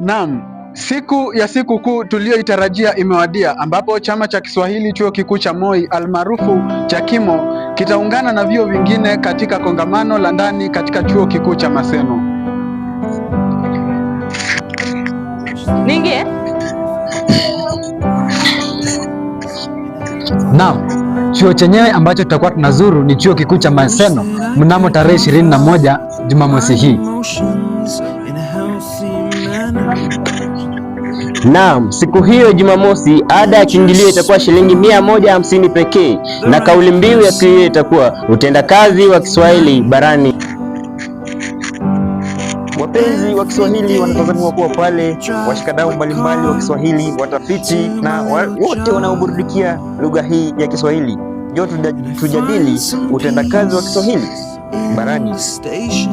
Naam, siku ya sikukuu tuliyoitarajia imewadia, ambapo chama cha Kiswahili chuo kikuu cha Moi almaarufu kimo kitaungana na vyuo vingine katika kongamano la ndani katika chuo kikuu cha Maseno. Ningie. Naam, chuo chenyewe ambacho tutakuwa tunazuru ni chuo kikuu cha Maseno mnamo tarehe 21 Jumamosi hii. Naam, siku hiyo Jumamosi ada ya kiingilio itakuwa shilingi 150 pekee, na kauli mbiu ya siku hiyo itakuwa utendakazi wa Kiswahili barani. Wapenzi wa Kiswahili wanatazamiwa kuwa pale, washikadau mbalimbali wa Kiswahili, watafiti na wote wanaoburudikia lugha hii ya Kiswahili. Ndio tujadili utendakazi wa Kiswahili barani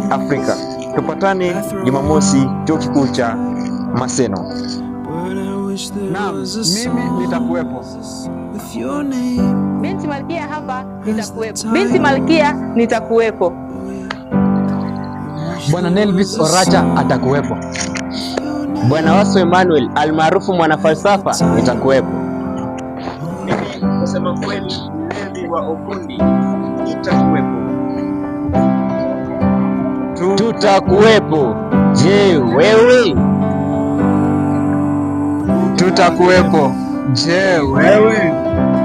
Afrika. Tupatane Jumamosi chuo kikuu cha Maseno. Naam, mimi nitakuwepo. Binti Malkia hapa nitakuwepo. Binti Malkia nitakuwepo. Bwana Nelvis Oracha atakuwepo. Bwana Waso Emmanuel almaarufu mwanafalsafa nitakuwepo. Mimi kusema kweli, Levi wa Ukundi nitakuwepo tutakuwepo. Je, wewe? Tutakuwepo. Je, wewe?